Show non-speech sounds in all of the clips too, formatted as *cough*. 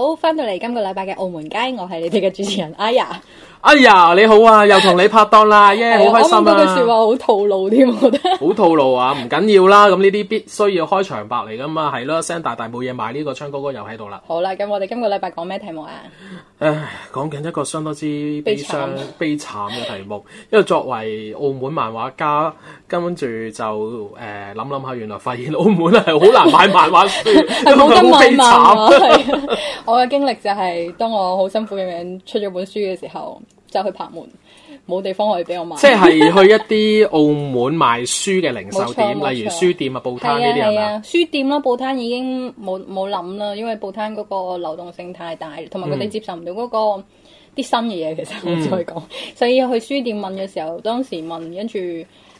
好，翻到嚟今個禮拜嘅《澳門街》，我係你哋嘅主持人 AYA。哎呀，你好啊，又同你拍檔啦，耶，好開心啊！我句說話好套路添，我覺得好套路啊，唔緊要啦，咁呢啲必須要開場白嚟噶嘛，係、嗯、咯，聲大大冇嘢賣呢個鏘哥哥又喺度啦。好啦，咁、嗯、我哋今個禮拜講咩題目啊？唉，講緊一個相當之悲傷、悲慘慘嘅題目，因為作為澳門漫畫家，跟住就誒諗諗下，原來發現澳門係好難買漫畫書，係冇咁悲慘、啊、 *laughs* *laughs* 我嘅經歷就係、是、當我好辛苦嘅樣出咗本書嘅時候。就去拍門，冇地方可以俾我買。即係去一啲澳門賣書嘅零售店， *laughs* 例如書店啊、報攤呢啲係啊，書店啦，報攤已經冇冇諗啦，因為報攤嗰個流動性太大，同埋佢哋接受唔到嗰個啲、嗯、新嘅嘢。其實我再講，嗯、所以要去書店問嘅時候，當時問跟住。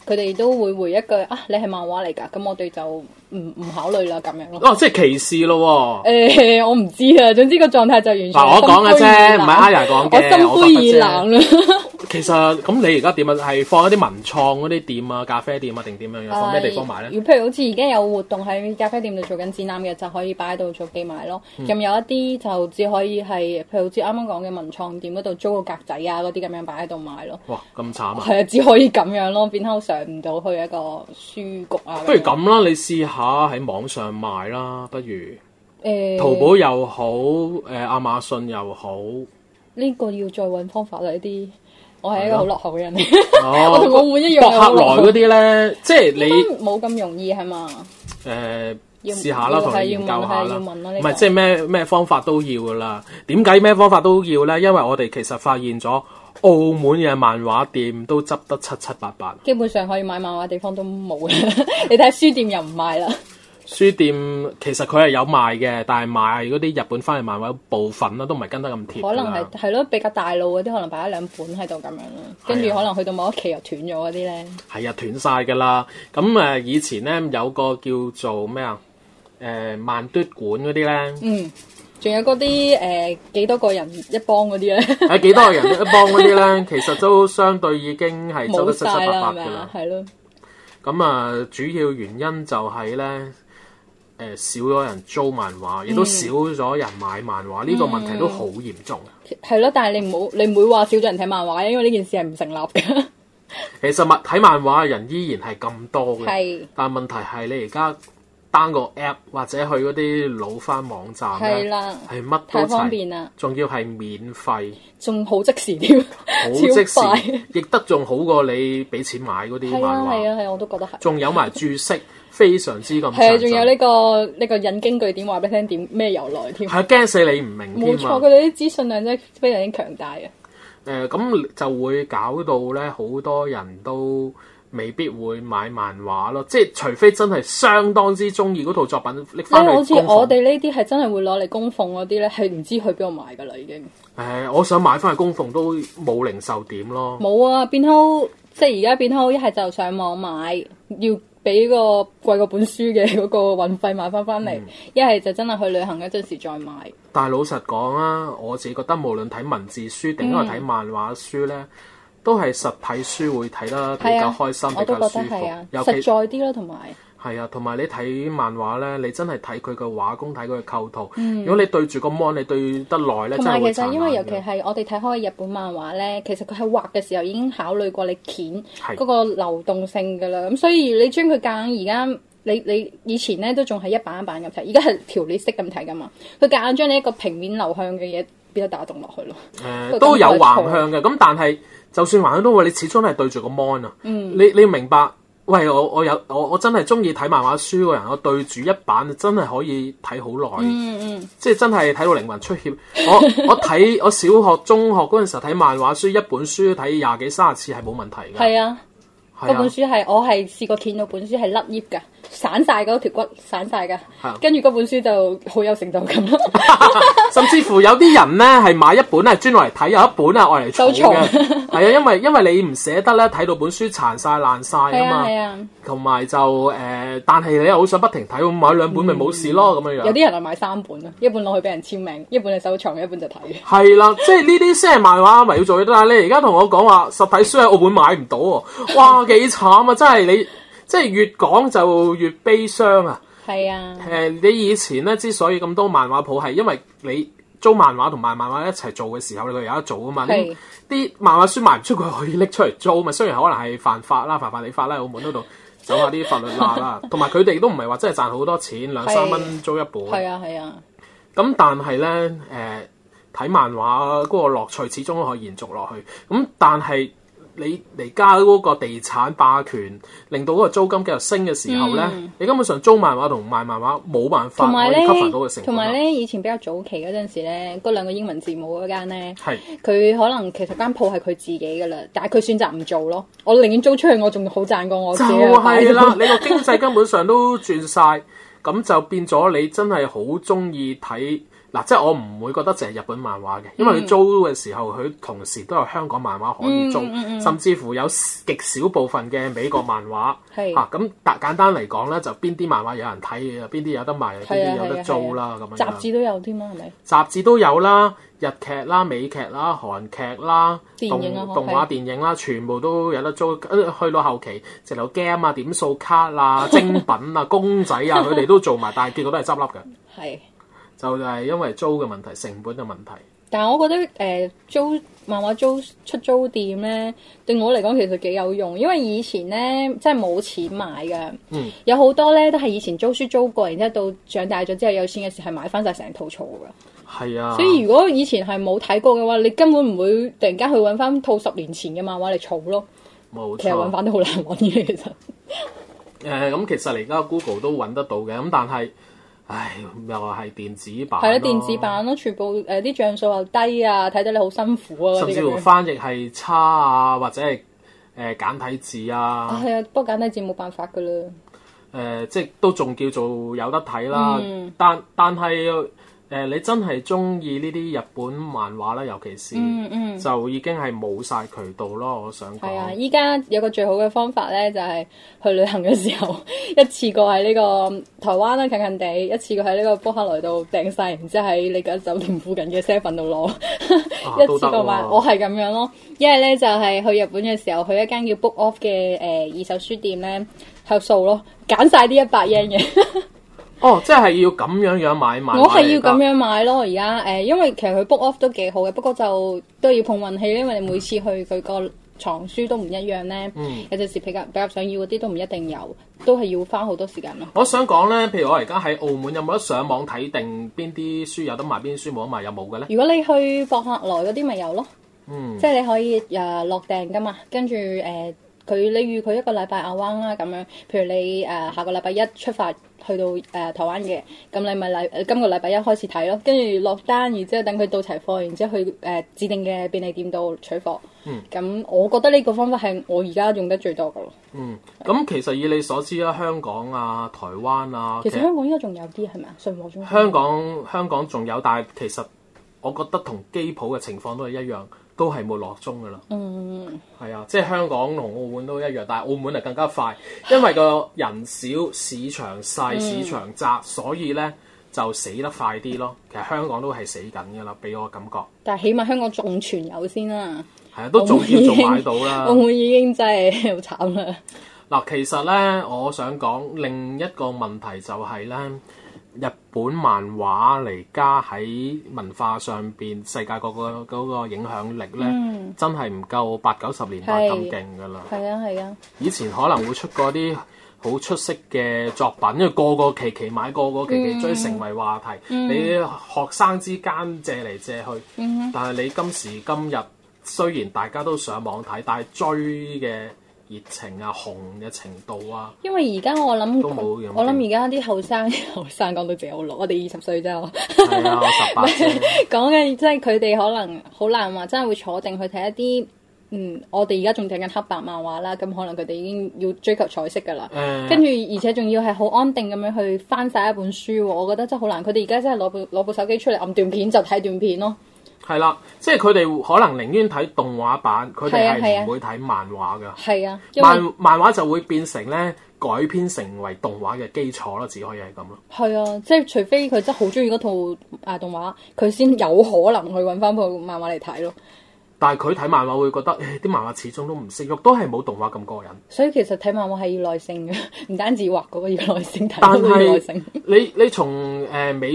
佢哋都會回一句啊，你係漫畫嚟㗎，咁我哋就唔唔考慮啦咁樣咯。哦、啊，即係歧視咯喎、啊欸。我唔知啊，總之個狀態就完全。我講嘅啫，唔係 AYA 講嘅。我心灰意冷啦。其實咁你而家點啊？係放一啲文創嗰啲店啊、咖啡店啊定點樣樣放咩地方賣咧？譬如好似而家有活動喺咖啡店度做緊展覽嘅，就可以擺喺度做寄賣咯。咁、嗯、有一啲就只可以係譬如好似啱啱講嘅文創店嗰度租個格仔啊嗰啲咁樣擺喺度賣咯。哇！咁慘啊！係啊，只可以咁樣咯，變嬲上唔到去一個書局啊。不如咁啦，你試下喺網上賣啦，不如誒、欸、淘寶又好，誒、呃、亞馬遜又好。呢個要再揾方法啦，啲。我係一個好落後嘅人，哦、 *laughs* 我同澳門一樣，博客來嗰啲咧，即係你冇咁容易係嘛？誒，試下啦，同埋研究下啦，唔係即係咩咩方法都要噶啦？點解咩方法都要咧？因為我哋其實發現咗澳門嘅漫畫店都執得七七八八，基本上可以買漫畫地方都冇嘅， *laughs* 你睇書店又唔賣啦。書店其實佢係有賣嘅，但係賣嗰啲日本翻嚟漫畫部分啦，都唔係跟得咁貼。可能係係咯，比較大路嗰啲，可能擺一兩本喺度咁樣咯。跟住可能去到某一期又斷咗嗰啲咧。係啊，斷晒噶啦。咁誒，以前咧有個叫做咩啊？誒、呃，萬嘟館嗰啲咧，嗯，仲有嗰啲誒幾多個人一幫嗰啲咧？喺 *laughs* 幾多個人一幫嗰啲咧？其實都相對已經係做得七七八八噶啦。係咯。咁啊，主要原因就係咧。誒，少咗人租漫畫，亦都少咗人買漫畫，呢、嗯、個問題都好嚴重。係咯、嗯，但係你唔好，你唔會話少咗人睇漫畫，因為呢件事係唔成立嘅。其實物睇漫畫嘅人依然係咁多嘅，是但係問題係你而家 down 個 app 或者去嗰啲老翻網站咧，係乜啦都齊，太方便啦，仲要係免費，仲好即時添，好即時，亦 *laughs* 得仲好過你俾錢買嗰啲漫畫，係啊係啊係啊，我都覺得係，仲有埋注釋。非常之咁係仲有呢、呢個呢 *noise* 個引經據典，話俾你聽點咩由來添？係驚、啊、死你唔明冇錯，佢哋啲資訊量真係非常之強大嘅。誒咁、呃、就會搞到咧，好多人都未必會買漫畫咯。即係除非真係相當之中意嗰套作品，搦翻去供奉。好似我哋呢啲係真係會攞嚟供奉嗰啲咧，係唔、欸、知，知去邊度買噶啦已經。誒、呃，我想買翻去供奉都冇零售點咯。冇啊！變好，即係而家變好，一係就上網上買要。俾個貴個本書嘅嗰個運費買翻翻嚟，一係、嗯、就真係去旅行嗰陣時再買。但係老實講啊，我自己覺得無論睇文字書定係睇漫畫書咧，嗯、都係實體書會睇得比較開心，啊、比較舒服，啊、尤其在啲啦，同埋。係啊，同埋你睇漫畫咧，你真係睇佢嘅畫工，睇佢嘅構圖。嗯、如果你對住個 mon，你對得耐咧，有真係好慘，同埋其實因為尤其係我哋睇開日本漫畫咧，其實佢係畫嘅時候已經考慮過你鉛嗰個流動性噶啦。咁是所以你將佢夾硬而家你你以前咧都仲係一版一版咁睇，而家係條列式咁睇噶嘛？佢夾硬將你一個平面流向嘅嘢變咗打戙落去咯。誒、呃呃，都有橫向嘅，咁但係就算橫向都好，你始終係對住個 mon 啊、嗯。你你要明白。喂，我我有我我真係中意睇漫畫書嘅人，我對住一版真係可以睇好耐，嗯嗯、即係真係睇到靈魂出竅。我我睇我小學、中學嗰陣時候睇漫畫書，一本書睇廿幾、三十次係冇問題嘅。係啊，嗰、啊、本書係我係試過見到本書係甩頁嘅。散晒嗰條骨，散晒噶，跟住嗰本書就好有成就感咯。甚至乎有啲人咧係買一本啊，專嚟睇；有一本啊，愛嚟收藏。係啊，因為因為你唔捨得咧，睇到本書殘晒爛晒啊嘛。同埋就誒，但係你又好想不停睇，咁買兩本咪冇事咯咁樣樣。有啲人啊買三本啊，一本攞去俾人簽名，一本係收藏，一本就睇。係啦，即係呢啲先係買話，咪要做嘢嘅啦。但係你而家同我講話實體書喺澳門買唔到，哇，幾慘啊！真係你。即係越講就越悲傷啊！係啊，誒、呃、你以前咧之所以咁多漫畫鋪係因為你租漫畫同埋漫，漫畫一齊做嘅時候，你佢有得做啊嘛！啲、啊、漫畫書賣唔出去，佢可以拎出嚟租嘛。雖然可能係犯法啦、犯法你法啦，澳門嗰度走下啲法律罅啦，同埋佢哋都唔係話真係賺好多錢，兩三蚊租一本。係啊係啊，咁、啊啊、但係咧誒睇漫畫嗰個樂趣始終都可以延續落去。咁但係。你嚟加嗰個地產霸權，令到嗰個租金繼續升嘅時候咧，嗯、你根本上租漫畫同賣漫畫冇辦法可以 cover 到嘅成。同埋咧，以前比較早期嗰陣時咧，嗰兩個英文字母嗰間咧，佢是可能其實間鋪係佢自己㗎啦，但係佢選擇唔做咯。我寧願租出去，我仲好賺過我。就係啦，是你個經濟根本上都轉晒，咁 *laughs* 就變咗你真係好中意睇。嗱，即係我唔會覺得淨係日本漫畫嘅，因為佢租嘅時候，佢同時都有香港漫畫可以租，嗯嗯嗯、甚至乎有極少部分嘅美國漫畫。係吓咁，但、啊、簡單嚟講咧，就邊啲漫畫有人睇嘅，邊啲有得賣，邊啲有得租啦。咁、啊啊啊啊、樣雜誌都有添啦，係咪？雜誌都有啦，日劇啦、美劇啦、韓劇啦，劇電影啊、動動畫、電影啦，okay. 全部都有得租。去到後期，直頭 game 啊、點數卡啊、精品啊、 *laughs* 公仔啊，佢哋都做埋，但係結果都係執笠嘅。係。 *laughs* 就係因為租嘅問題、成本嘅問題。但係我覺得誒、呃、租漫畫租出租店咧，對我嚟講其實幾有用，因為以前咧真係冇錢買嘅。嗯，有好多咧都係以前租書租過，然之後到長大咗之後有錢嘅時係買翻晒成套儲㗎。係啊，所以如果以前係冇睇過嘅話，你根本唔會突然間去揾翻套十年前嘅漫畫嚟儲咯。冇錯，其實揾翻都好難揾嘅。其實誒咁，其實嚟而家 Google 都揾得到嘅，咁但係。唉，又係電子版咯、啊。係咯，電子版咯、啊，全部誒啲、呃、像素又低啊，睇到你好辛苦啊。甚至乎翻譯係差啊，或者係誒、呃、簡體字啊。係啊，不過、啊、簡體字冇辦法噶啦。誒、呃，即係都仲叫做有得睇啦、啊嗯，但但係。誒、呃，你真係中意呢啲日本漫畫啦，尤其是、嗯嗯、就已經係冇晒渠道咯。我想係啊，依家有個最好嘅方法咧，就係、是、去旅行嘅時候，一次過喺呢個台灣啦，近近地，一次過喺呢個博客來度訂晒，然之後喺你間酒店附近嘅 seven 度攞。啊、 *laughs* 一次過買，啊、我係咁樣咯。一係咧就係、是、去日本嘅時候，去一間叫 book off 嘅誒、呃、二手書店咧，合數咯，揀晒呢一百 yen 嘅。嗯 *laughs* 哦，即係要咁樣樣買買。買我係要咁樣買咯，而家誒，因為其實佢 book off 都幾好嘅，不過就都要碰運氣，因為你每次去佢個藏書都唔一樣咧。嗯，有陣時比較比較想要嗰啲都唔一定有，都係要花好多時間咯。我想講咧，譬如我而家喺澳門有冇得上網睇定邊啲書有得賣，邊啲書冇得賣，有冇嘅咧？如果你去博客來嗰啲咪有咯，嗯，即係你可以誒落訂噶嘛，跟住誒佢你預佢一個禮拜阿彎啦咁樣，譬如你誒、呃、下個禮拜一出發。去到誒、呃、台灣嘅，咁你咪禮、呃、今個禮拜一開始睇咯，跟住落單，然之後等佢到齊貨，然之後去誒、呃、指定嘅便利店度取貨。嗯，咁我覺得呢個方法係我而家用得最多噶咯。嗯，咁其實以你所知啦，香港啊、台灣啊，其實香港應該仲有啲係咪啊？信和中心。香港，香港仲有，但係其實我覺得同基普嘅情況都係一樣。都係冇落中嘅啦，嗯，係啊，即係香港同澳門都一樣，但係澳門就更加快，因為個人少、市場細、市場窄，嗯、所以咧就死得快啲咯。其實香港都係死緊嘅啦，俾我感覺。但係起碼香港仲存有先啦，係啊，都仲要仲買到啦。澳門已經真係好慘啦。嗱，其實咧，我想講另一個問題就係咧。日本漫畫嚟加喺文化上邊，世界各個嗰個影響力咧，嗯、真係唔夠八九十年代咁勁噶啦。係啊係啊，以前可能會出過啲好出色嘅作品，因為個個期期買，個個期期追，嗯、成為話題。嗯、你學生之間借嚟借去，嗯、哼但係你今時今日雖然大家都上網睇，但係追嘅。熱情啊，紅嘅程度啊，因為而家我諗，我諗而家啲後生，後生講到自己好老，我哋二十歲啫喎，講嘅即係佢哋可能好難話，真係會坐定去睇一啲，嗯，我哋而家仲睇緊黑白漫畫啦，咁可能佢哋已經要追求彩色噶啦，嗯、跟住而且仲要係好安定咁樣去翻晒一本書，我覺得真係好難。佢哋而家真係攞部攞部手機出嚟按段片就睇段片咯。係啦，即係佢哋可能寧願睇動畫版，佢哋係唔會睇漫畫噶。係啊，啊漫漫畫就會變成咧改編成為動畫嘅基礎咯，只可以係咁咯。係啊，即係除非佢真係好中意嗰套誒動畫，佢先有可能去搵返部漫畫嚟睇咯。但係佢睇漫畫會覺得啲漫畫始終都唔識喐，都係冇動畫咁過癮。所以其實睇漫畫係要耐性嘅，唔 *laughs* 單止畫嗰個要耐性睇，都要耐性。耐性你你從誒、呃、美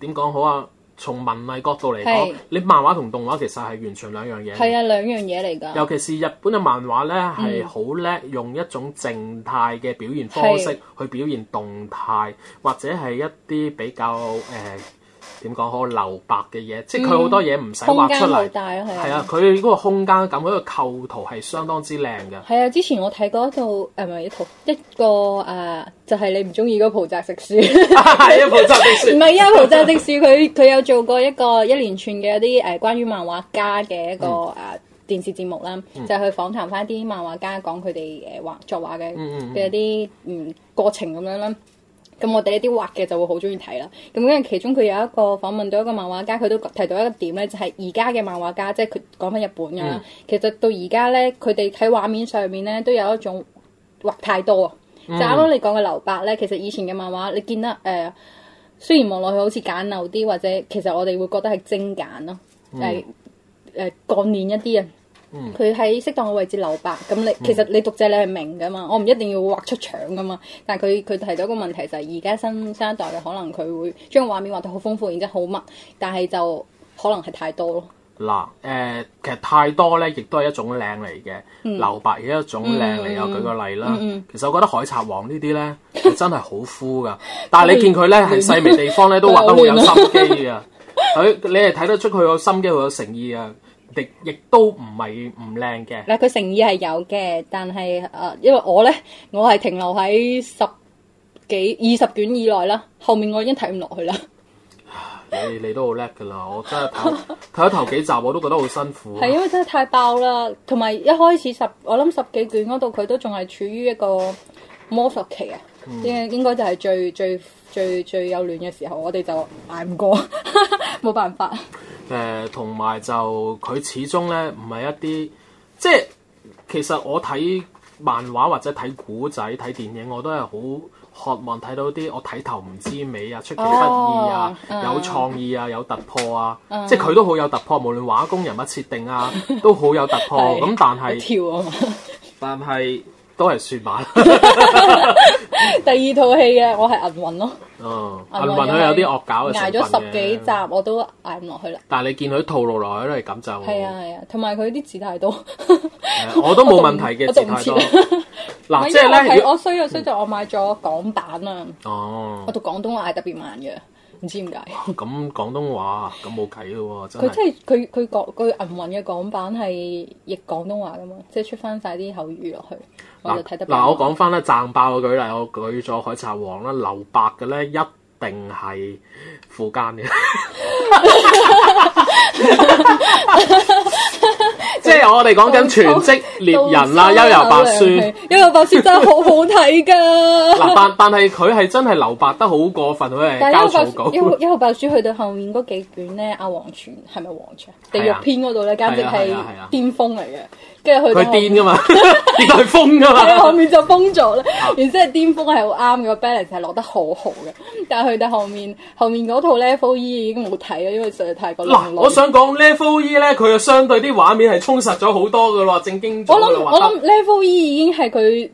點講好啊？從文藝角度嚟講，是你漫畫同動畫其實係完全兩樣嘢。係啊，兩樣嘢嚟㗎。尤其是日本嘅漫畫咧，係好叻用一種靜態嘅表現方式去表現動態，是或者係一啲比較誒。呃點講好留白嘅嘢，即係佢好多嘢唔使畫出嚟、嗯。空間好大咯，係啊。係啊，佢嗰個空間感，嗰、嗰個構圖係相當之靚嘅。係啊，之前我睇過一套誒唔係一套一個誒、呃，就係、是、你唔中意嗰個浦澤直樹。係啊，浦澤直樹。唔係啊，浦澤直樹佢佢有做過一個一連串嘅一啲誒關於漫畫家嘅一個誒電視節目啦，嗯、就去訪談翻啲漫畫家講佢哋誒畫作畫嘅嘅一啲嗯過程咁樣啦。嗯 *laughs* 咁我哋一啲畫嘅就會好中意睇啦。咁跟住其中佢有一個訪問到一個漫畫家，佢都提到一個點咧，就係而家嘅漫畫家，即係佢講翻日本噶、啊嗯、其實到而家咧，佢哋喺畫面上面咧都有一種畫太多啊。嗯、就啱啱你講嘅留白咧，其實以前嘅漫畫你見得誒，雖然望落去好似簡陋啲，或者其實我哋會覺得係精簡咯，係誒幹練一啲啊。嗯呃佢喺適當嘅位置留白，咁你其實你讀者你係明噶嘛？我唔一定要畫出場噶嘛，但係佢佢提到一個問題就係而家新生代嘅可能佢會將畫面畫到好豐富，然之後好密，但係就可能係太多咯。嗱，誒、呃，其實太多咧，亦都係一種靚嚟嘅，留、嗯、白嘅一種靚嚟啊！嗯、我舉個例啦，嗯、其實我覺得海《海賊王》呢啲咧，真係好枯噶，但係你見佢咧係細微地方咧都畫得好有心機啊！佢你係睇得出佢個心機，佢有誠意啊！嗯嗯嗯嗯嗯嗯亦都唔係唔靚嘅。嗱，佢誠意係有嘅，但係誒、呃，因為我咧，我係停留喺十幾二十卷以內啦，後面我已經睇唔落去啦。你你都好叻㗎啦，我真係睇睇咗頭幾集我都覺得好辛苦。係因為真係太爆啦，同埋一開始十我諗十幾卷嗰度佢都仲係處於一個摸索期啊，嗯、應應該就係最最最最，最有亂嘅時候，我哋就捱唔過，冇 *laughs* 辦法。誒，同埋、呃、就佢始終咧，唔係一啲即係其實我睇漫畫或者睇古仔、睇電影，我都係好渴望睇到啲我睇頭唔知尾啊，出其不意啊，oh, um, 有創意啊，有突破啊，um, 即係佢都好有突破，無論畫工、人物設定啊， *laughs* 都好有突破。咁、 *laughs* 嗯、但係但係 *laughs* 都係説話。 *laughs* 第二套戲嘅，我係銀魂咯。哦，銀魂佢有啲惡搞嘅成分嘅。挨咗十幾集，我都挨唔落去啦。但係你見佢套路落去都係咁就。係啊係啊，同埋佢啲字太多。我都冇問題嘅字太多。嗱，即係咧，我衰又衰就我買咗港版啊。哦。我讀廣東話，挨特別慢嘅。唔知點解。咁、哦、廣東話咁冇計咯喎。佢即係佢佢講佢銀魂嘅港版係譯廣東話㗎嘛，即係出翻晒啲口語落去，喊我就睇得明。嗱，我講翻啦，讚爆嘅。舉例，我舉咗海賊王啦，留白嘅咧一定係富奸嘅。 *laughs* *laughs* *laughs* 即係我哋講緊全職獵人啦，幽遊白書，幽遊白書真係好好睇噶。嗱，但但係佢係真係留白得好過分，因為但幽遊幽幽遊白書去到後面嗰幾卷咧，阿黃泉係咪黃泉？地獄篇嗰度咧，簡直係巔峰嚟嘅。跟住去到佢癲噶嘛，跌到去瘋噶嘛。後面就封咗啦，然之後巔峰係好啱嘅，balance 係落得好好嘅。但係去到後面後面嗰套 Level E 已經冇睇啦，因為實在太過爛。嗱，我想講 Level E 咧，佢又相對啲畫面。係充實咗好多噶咯，正經做嘅話。我諗想我諗 Level E 已經係佢。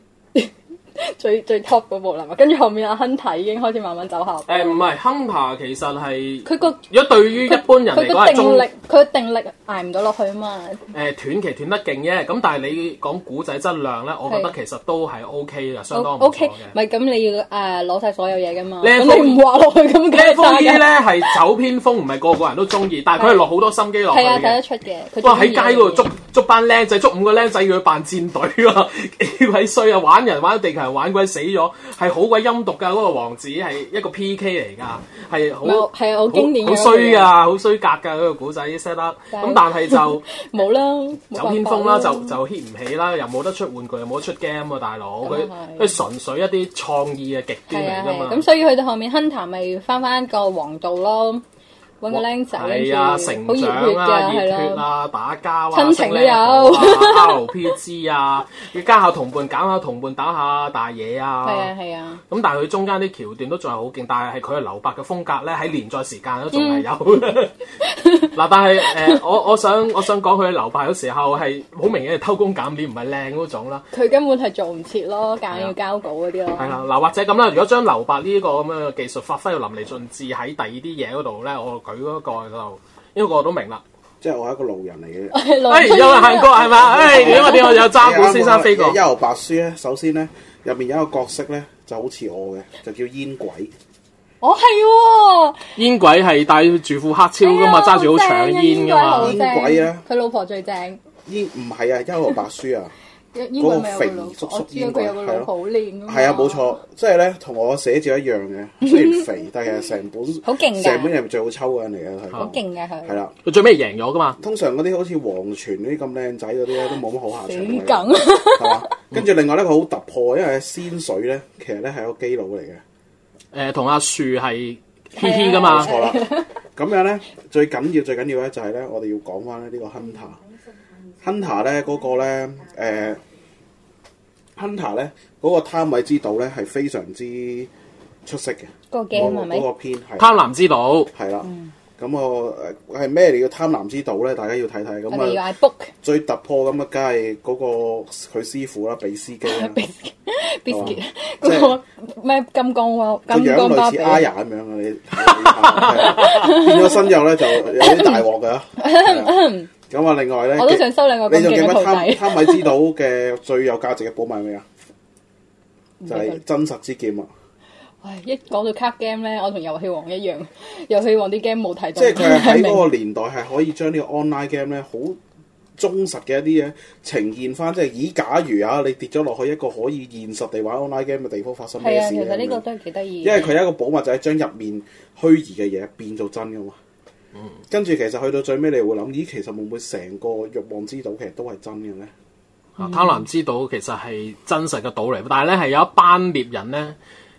最最 top 嗰部啦嘛，跟住後面阿 Hunter 已經開始慢慢走下。誒，唔係 Hunter 其實係佢個，如果對於一般人嚟講，定力佢定力捱唔到落去嘛。誒斷期斷得勁啫，咁但係你講古仔質量咧，我覺得其實都係 O K 嘅，相當唔錯嘅。咪咁你要誒攞晒所有嘢噶嘛？你唔滑落去咁梗係爭嘅。呢啲咧係走偏鋒，唔係個個人都中意，但係佢係落好多心機落去嘅。係啊，睇得出嘅。哇！喺街嗰度捉捉班僆仔，捉五個僆仔要佢扮戰隊喎，幾鬼衰啊！玩人玩到地球。玩鬼死咗，係好鬼陰毒噶嗰、嗰個王子，係一個 P.K. 嚟噶。係、嗯、好，係啊，好經典好衰噶，好衰格噶嗰個古仔、嗯，犀 *laughs* 啦，咁但係就冇啦，走偏鋒啦，就就 hit 唔起啦，又冇得出玩具，又冇得出 game 啊，大佬佢佢純粹一啲創意嘅極端嚟噶嘛。咁、啊啊、所以去到後面 Hunter 咪翻翻個王道咯。搵個僆仔，係啊，成長啊，熱血啊，打交啊，親情都有，哈羅 RPG 啊，要加下同伴，減下同伴，打下大嘢啊，係啊，係啊，咁但係佢中間啲橋段都仲係好勁，但係係佢嘅留白嘅風格咧，喺連載時間都仲係有。嗱，但係誒，我我想我想講佢嘅留白有時候係好明顯係偷工減料，唔係靚嗰種啦。佢根本係做唔切咯，梗要交稿嗰啲咯。係啦，嗱，或者咁啦，如果將留白呢個咁嘅技術發揮到淋漓盡致喺第二啲嘢嗰度咧，我。佢嗰個就，因為我都明啦，即係我係一個路人嚟嘅。哎、欸，有個行過係嘛？哎，因為點啊？有揸鼓先生飛過。欸嗯嗯《一號白書》咧，首先咧入面有一個角色咧，就好似我嘅，就叫煙鬼。哦，係喎。煙鬼係帶住副黑超噶嘛，揸住好長煙噶嘛。煙鬼啊！佢老婆最正。煙唔係啊，《一號白書》啊。嗰個，個肥叔叔應該係咯，係啊，冇錯，即係咧，同我寫字一樣嘅，雖然肥，但係成本，好勁嘅，成本係最好抽嘅人嚟嘅，佢好勁嘅佢係啦，佢、啊啊、最尾係贏咗噶嘛。通常嗰啲好似黃泉嗰啲咁靚仔嗰啲咧，都冇乜好下場嘅，係嘛定。跟 *laughs* 住另外咧，佢好突破，因為仙水咧，其實咧係一個基佬嚟嘅。誒、呃，同阿樹係黐黐噶嘛？錯、啊、 *laughs* 啦。咁樣咧，最緊要最緊要咧，就係咧，我哋要講翻咧呢個 h *laughs* Hunter 咧嗰個咧，誒，Hunter 咧嗰個貪婪之島咧係非常之出色嘅，嗰個片，貪婪之島係啦，咁我係咩嚟嘅，貪婪之島咧？大家要睇睇咁啊！最突破咁啊，梗係嗰個佢師傅啦，比司機啦，比司機，即係咩金剛王，個樣類似阿雅咁樣嘅，變咗身又咧就有啲大鑊嘅。咁啊！另外咧，我都想收兩個，你仲記得貪 *laughs* 貪米之島嘅最有價值嘅寶物係咩啊？就係、是、真實之劍啊！唉 *laughs* 哎，一講到 card game 咧，我同遊戲王一樣，遊戲王啲 game 冇睇到。即係佢係喺嗰個年代係白可以將呢個 online game 咧好忠實嘅一啲嘢呈現翻，即係以假如啊，你跌咗落去一個可以現實地玩 online game 嘅地方發生咩事，其實呢個都係幾得意。白因為佢有一個寶物就係將入面虛擬嘅嘢變做真噶嘛。嗯，跟住其實去到最尾，你會諗，咦，其實會唔會成個慾望之島其實都係真嘅咧？嗯、啊，貪婪之島其實係真實嘅島嚟，但係咧係有一班獵人咧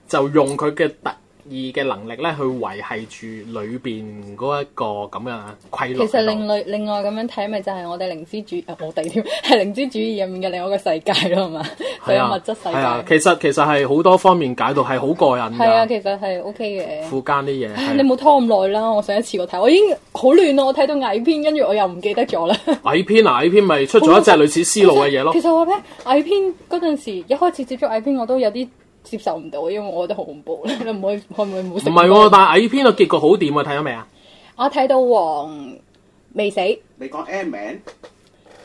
就用佢嘅特，嗯二嘅能力咧，去維繫住裏邊嗰一個咁樣規律。其實另另另外咁樣睇，咪就係我哋靈知主，我哋添係靈知主義入面嘅另外一個世界咯，係嘛？係啊，物質世界。啊、其實其實係好多方面解讀，係好過癮。係啊，其實係 O K 嘅。副間啲嘢，你冇拖咁耐啦。我上一次我睇，我已經好亂咯。我睇到矮篇，跟住我又唔記得咗啦。 *laughs* 矮篇啊，矮篇咪出咗一隻類似思路嘅嘢咯其。其實我咧，矮篇嗰陣時一開始接觸矮篇，我都有啲。接受唔到，因為我覺得好恐怖。你唔會，會唔會冇？唔係喎，但係矮片個結局好掂啊！睇咗未啊？我睇到黃未死。你講 A 名？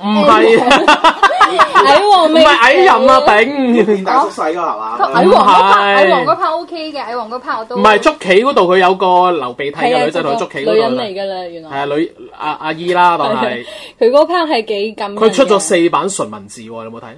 唔係。矮黃未？唔係矮人啊！頂變大縮細噶係嘛？矮黃係。矮黃嗰 part OK 嘅，矮黃嗰 part 我都。唔係捉棋嗰度，佢有個流鼻涕嘅女仔同佢捉棋。女人嚟噶啦，原來係啊女阿阿姨啦，當係。佢嗰 part 係幾咁？佢出咗四版純文字，你有冇睇啊？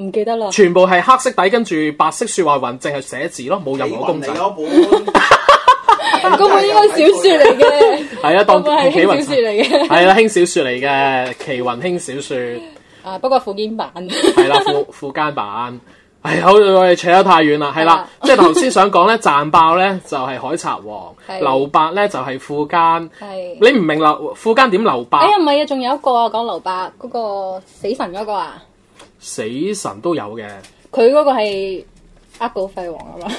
唔記得啦！全部係黑色底，跟住白色説話雲，淨係寫字咯，冇任何公仔。奇、 *laughs* 嗯哎、雲嚟應該小説嚟嘅。係啊，當《奇雲》小説嚟嘅。係啦，輕小説嚟嘅，《奇雲》輕小説。啊，不過附件版。係 *laughs* 啦，附附間版。唉、哎，好，我哋扯得太遠啦。係 Yeah. *laughs* 啦，即係頭先想講咧，賺爆咧就係《海賊王》 *laughs* 劉伯呢，流百咧就係、是、附間。係。你唔明流附間點流百？哎呀，唔係啊，仲有一個啊，講流百嗰個死神嗰個啊。死神都有嘅，佢嗰個係厄古費王啊嘛？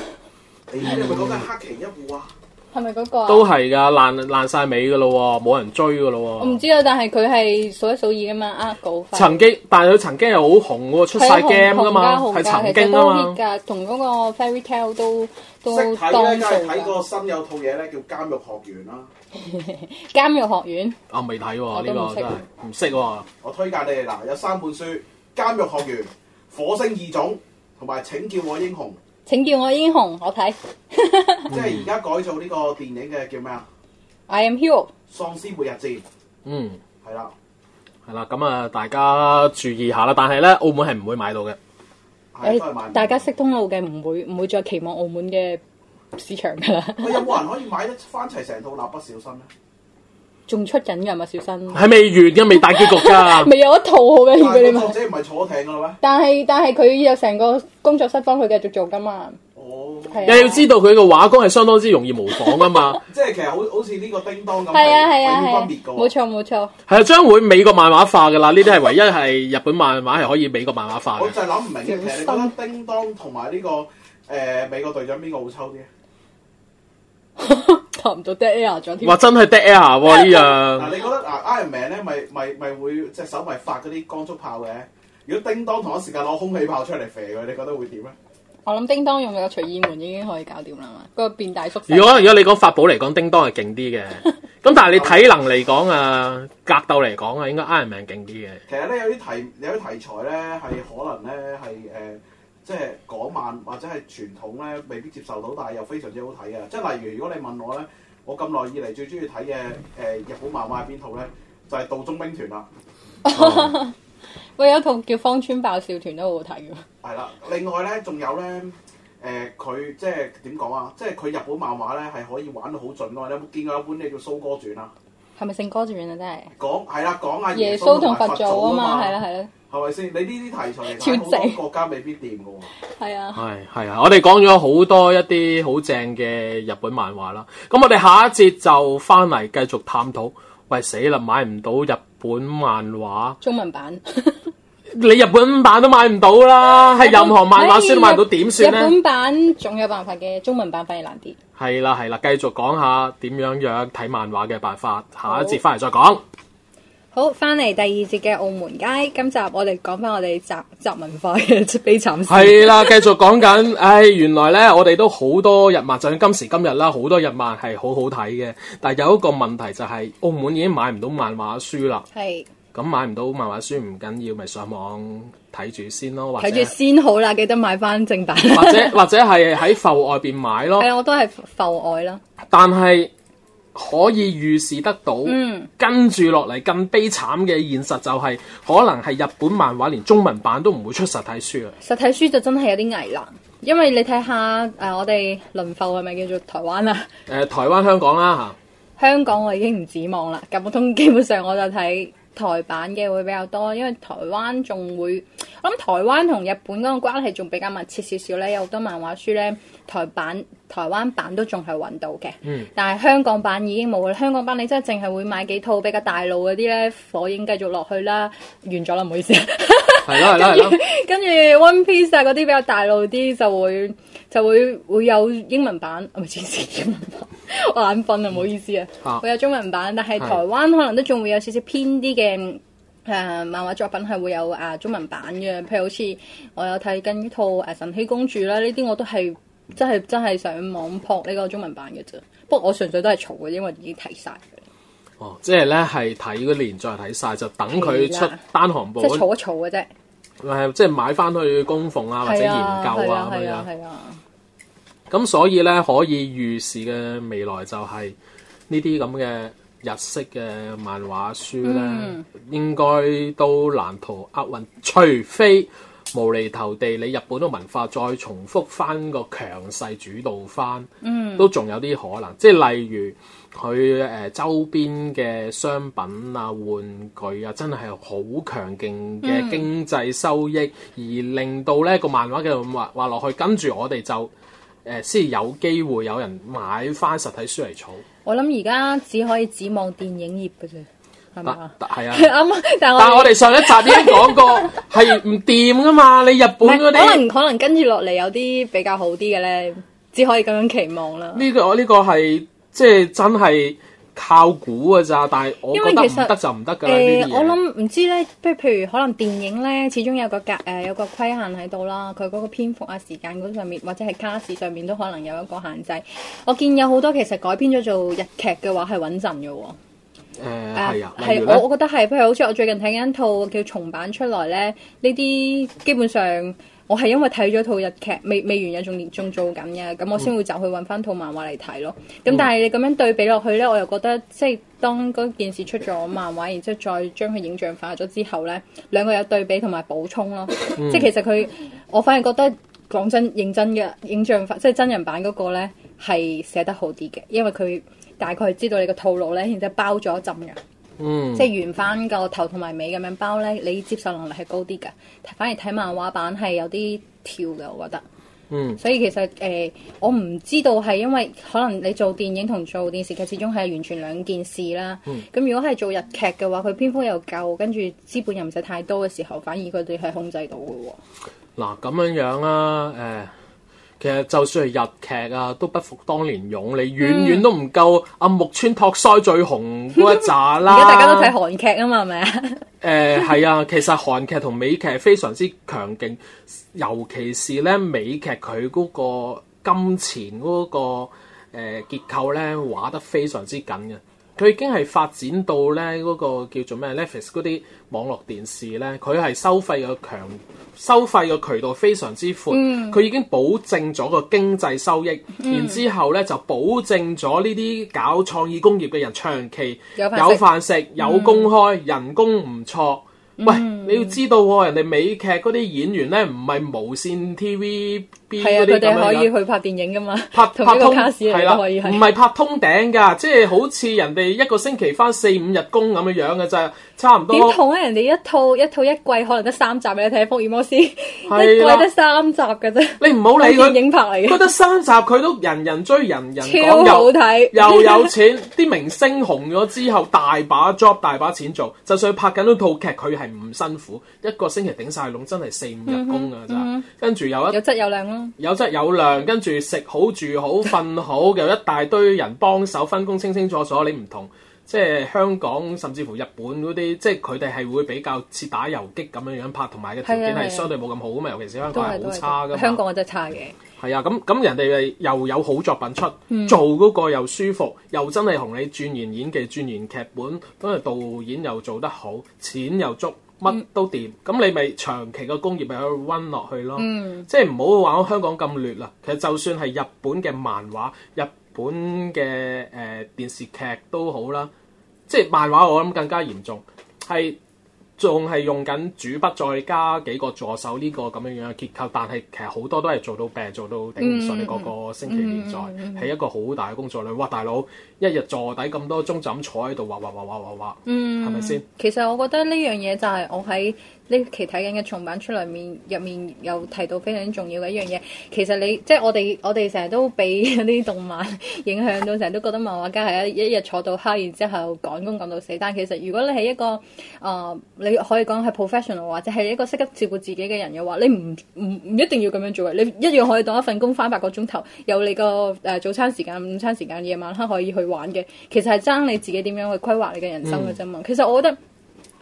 你係咪講緊黑崎一護啊？係咪嗰個？都係噶爛爛晒尾噶咯，冇人追噶咯。我唔知啊，但係佢係數一數二噶嘛，厄古費曾經，但係佢曾經係好紅喎，出晒 game 噶嘛，係曾經啊嘛噶同嗰個 Fairytale 都都當紅睇咧，梗係睇嗰個新有套嘢咧，叫監獄學員，啊《監獄 *laughs* 學院》啦，《監獄學院》啊，未睇喎，呢個真係唔識喎。我推介你哋嗱，有三本書。監獄學園、火星異種同埋，請叫我英雄，請叫我英雄，我睇。 *laughs* 即係而家改造呢個電影嘅叫咩啊？I am Hero。喪屍末日戰。嗯，係啦的，係啦，咁啊，大家注意下啦。但係咧，澳門係唔會買到嘅，欸。大家識通路嘅唔會唔會再期望澳門嘅市場噶啦。 *laughs* 有冇人可以買得翻齊成套蠟筆小新咧？仲出緊㗎嘛，小新？係未 *laughs* 完㗎，未大結局㗎。未 *laughs* 有一套嘅。但係，作者唔係坐艇㗎啦咩？但係，但係佢有成個工作室幫佢繼續做㗎嘛。哦，係、啊。又要知道佢嘅畫工係相當之容易模仿㗎嘛。 *laughs* 即係其實好好似呢個叮噹咁係 *laughs* 啊，分別，㗎冇、啊啊、錯，冇錯。係啊，將會美國漫畫化㗎啦。呢啲係唯一係日本漫畫係可以美國漫畫化嘅。我就係諗唔明，其實你覺得叮噹同埋呢個誒、呃、美國隊長邊個好抽啲？學唔到 Dead Air 獎添。哇真係 Dead Air 喎呢樣。嗱，你覺得嗱 Iron Man 咧，咪咪咪會隻手咪發嗰啲光速炮嘅？如果叮當同一時間攞空氣炮出嚟肥佢，你覺得會點咧？我諗叮當用個隨意門已經可以搞掂啦嘛。個變大速。如果如果你講法寶嚟講，叮當係勁啲嘅。咁但係你體能嚟講啊，格鬥嚟講啊，應該 Iron Man 勁啲嘅。其實咧有啲題有啲題材咧係可能咧係誒。即係港漫或者係傳統咧，未必接受到，但係又非常之好睇嘅。即係例如，如果你問我咧，我咁耐以嚟最中意睇嘅誒日本漫畫係邊套咧，就係、係《道中兵團》啦，哦。喂，有一套叫《芳村爆笑團》都好好睇㗎。係啦，另外咧仲有咧誒，佢即係點講啊？即係佢、嗯、日本漫畫咧係可以玩得好盡咯。你有冇見過一本嘢叫《蘇哥傳》啊？係咪《聖哥傳》啊？真係講係啦，講啊耶穌同佛祖啊嘛，係啦係啦。係咪先？你呢啲題材，好多國家未必掂噶喎。係啊。係係啊，我哋講咗好多一啲好正嘅日本漫畫啦。咁我哋下一節就翻嚟繼續探討。喂死啦，買唔到日本漫畫。中文版，你日本版都買唔到啦，係任何漫畫書都買唔到，點算咧？日本版仲有辦法嘅，中文版反而難啲。係啦係啦，繼續講下點樣樣睇漫畫嘅辦法。下一節翻嚟再講。好，翻嚟第二節嘅澳門街。今集我哋講翻我哋集雜文化嘅悲慘事。係啦，繼續講緊。唉、哎，原來咧，我哋都好多日漫，就算今時今日啦，好多日漫係好好睇嘅。但係有一個問題就係、是，澳門已經買唔到漫畫書啦。係是。咁買唔到漫畫書唔緊要，咪上網睇住先咯。睇住先好啦，記得買翻正版。或者 *laughs* 或者係喺埠外邊買咯。係，我都係埠外啦。但係。可以預示得到，嗯、跟住落嚟咁悲慘嘅現實就係、係，可能係日本漫畫連中文版都唔會出實體書啦。實體書就真係有啲危難，因為你睇下誒、呃，我哋鄰埠係咪叫做台灣啊？誒、 *laughs* 呃，台灣、香港啦嚇。香港我已經唔指望啦，咁通基本上我就睇。台版嘅會比較多，因為台灣仲會，我諗台灣同日本嗰個關係仲比較密切少少咧，有好多漫畫書咧，台版、台灣版都仲係揾到嘅。嗯，但係香港版已經冇啦，香港版你真係淨係會買幾套比較大路嗰啲咧，火影繼續落去啦，完咗啦，唔好意思。 *laughs* 跟住， *noise* 跟住 One Piece 啊，嗰啲比較大路啲就會就會會有英文版，唔、啊、係英文版眼瞓啊！唔好意思啊，嗯、會有中文版，但係台灣是可能都仲會有少少偏啲嘅誒漫畫作品係會有啊中文版嘅，譬如好似我有睇緊套誒神氣公主啦，呢啲我都係真係真係上網撲呢個中文版嘅啫。不過我純粹都係嘈嘅，因為已經睇曬。哦，即係咧係睇個連載睇晒就等佢出單行本、啊，即係儲一嘈嘅啫。即係買翻去供奉啊，或者研究啊咁樣。咁、啊啊啊啊、所以咧，可以預示嘅未來就係呢啲咁嘅日式嘅漫畫書咧，嗯、應該都難逃厄運。除非無厘頭地，你日本嘅文化再重複翻個強勢主導翻，嗯，都仲有啲可能。即係例如。佢誒、呃、周邊嘅商品啊、玩具啊，真係好強勁嘅經濟收益，嗯、而令到咧個漫畫繼續畫落去，跟住我哋就誒先、呃、有機會有人買翻實體書嚟儲。我諗而家只可以指望電影業嘅啫，係嘛？係啊。啱，啊、 *laughs* 但係我哋我哋 *laughs* 上一集已經講過係唔掂噶嘛，你日本嗰啲可能可能跟住落嚟有啲比較好啲嘅咧，只可以咁樣期望啦。呢個我呢個係。即係真係靠估嘅咋，但係我覺得唔得就唔得㗎，呢我諗唔知咧，即係譬如，譬如可能電影咧，始終有個格誒、呃、有個規限喺度啦。佢嗰個篇幅啊、時間嗰上面，或者係卡 a 上面都可能有一個限制。我見有好多其實改編咗做日劇嘅話係穩陣嘅喎、哦。誒係、呃、啊，係、啊、我我覺得係，譬如好似我最近睇緊套叫重版出來咧，呢啲基本上。我係因為睇咗套日劇，未未完，有仲連中做緊嘅，咁我先會就去揾翻套漫畫嚟睇咯。咁但係你咁樣對比落去呢，我又覺得即係當嗰件事出咗漫畫，然之後再將佢影像化咗之後呢，兩個有對比同埋補充咯。 *laughs* 即係其實佢，我反而覺得講真認真嘅影像化，即係真人版嗰個呢係寫得好啲嘅，因為佢大概知道你個套路呢，然之後包咗一陣嘅。嗯，即係完翻個頭同埋尾咁樣包呢，你接受能力係高啲噶，反而睇漫畫版係有啲跳嘅，我覺得。嗯。所以其實誒、呃，我唔知道係因為可能你做電影同做電視劇始終係完全兩件事啦。嗯。咁如果係做日劇嘅話，佢篇幅又夠，跟住資本又唔使太多嘅時候，反而佢哋係控制到嘅、哦。嗱，咁樣樣啦、啊，誒、呃。其實就算係日劇啊，都不復當年勇，你遠遠都唔夠阿木村拓哉最紅嗰一咋啦。而家 *laughs* 大家都睇韓劇啊嘛，係咪啊？誒係啊，其實韓劇同美劇非常之強勁，尤其是咧美劇佢嗰個金錢嗰、那個誒、呃、結構咧，畫得非常之緊嘅。佢已經係發展到咧嗰、嗰個叫做咩 Netflix 嗰啲網絡電視咧，佢係收費嘅強，收費嘅渠道非常之闊。佢、嗯、已經保證咗個經濟收益，嗯、然之後咧就保證咗呢啲搞創意工業嘅人長期有飯食、有飯食有工開、嗯、人工唔錯。喂，你要知道喎，人哋美劇嗰啲演員咧，唔係無線 TVB 嗰啲。係啊，佢哋可以去拍電影噶嘛？拍拍通係啦，可以唔係拍通頂㗎，即係好似人哋一個星期翻四五日工咁樣樣嘅咋，差唔多。點同啊？人哋一套一套一季，可能得三集畀你睇《福爾摩斯》，一季得三集嘅啫。你唔好理佢影拍嚟嘅。得三集佢都人人追，人人講又好睇，又有錢。啲明星紅咗之後，大把 job，大把錢做。就算拍緊套劇，佢係。唔辛苦，一個星期頂晒籠，真係四五日工㗎咋。跟住、嗯嗯、有一有質有量咯，啊，有質有量，跟住食好住好瞓好，又一大堆人幫手，分工清清楚楚。你唔同。即係香港，甚至乎日本嗰啲，即係佢哋係會比較似打遊擊咁樣樣拍，同埋嘅條件係相對冇咁好啊嘛，尤其是香港係好差嘅。香港係真係差嘅。係啊，咁咁人哋又有好作品出，嗯、做嗰個又舒服，又真係同你鑽研演技、鑽研劇本，咁啊導演又做得好，錢又足，乜都掂。咁、嗯、你咪長期個工業咪喺度温落去咯。嗯、即係唔好話香港咁劣啦。其實就算係日本嘅漫畫，日本嘅誒、呃、電視劇都好啦，即係漫畫我諗更加嚴重，係仲係用緊主筆再加幾個助手呢個咁樣樣嘅結構，但係其實好多都係做到病，做到頂唔順，個星期連載，係、嗯嗯嗯嗯、一個好大嘅工作量。哇，大佬一日坐底咁多鐘就咁坐喺度畫畫畫畫畫畫，係咪先？嗯、是是其實我覺得呢樣嘢就係我喺。呢期睇緊嘅重版出嚟面入面，面有提到非常重要嘅一樣嘢。其實你即係我哋，我哋成日都俾啲動漫影響到，成日都覺得漫畫家係一一日坐到黑，然之後趕工趕到死。但係其實如果你係一個啊、呃，你可以講係 professional 或者係一個識得照顧自己嘅人嘅話，你唔唔唔一定要咁樣做嘅。你一樣可以當一份工返八個鐘頭，有你個誒、呃、早餐時間、午餐時間、夜晚黑可以去玩嘅。其實係爭你自己點樣去規劃你嘅人生嘅啫嘛。嗯、其實我覺得。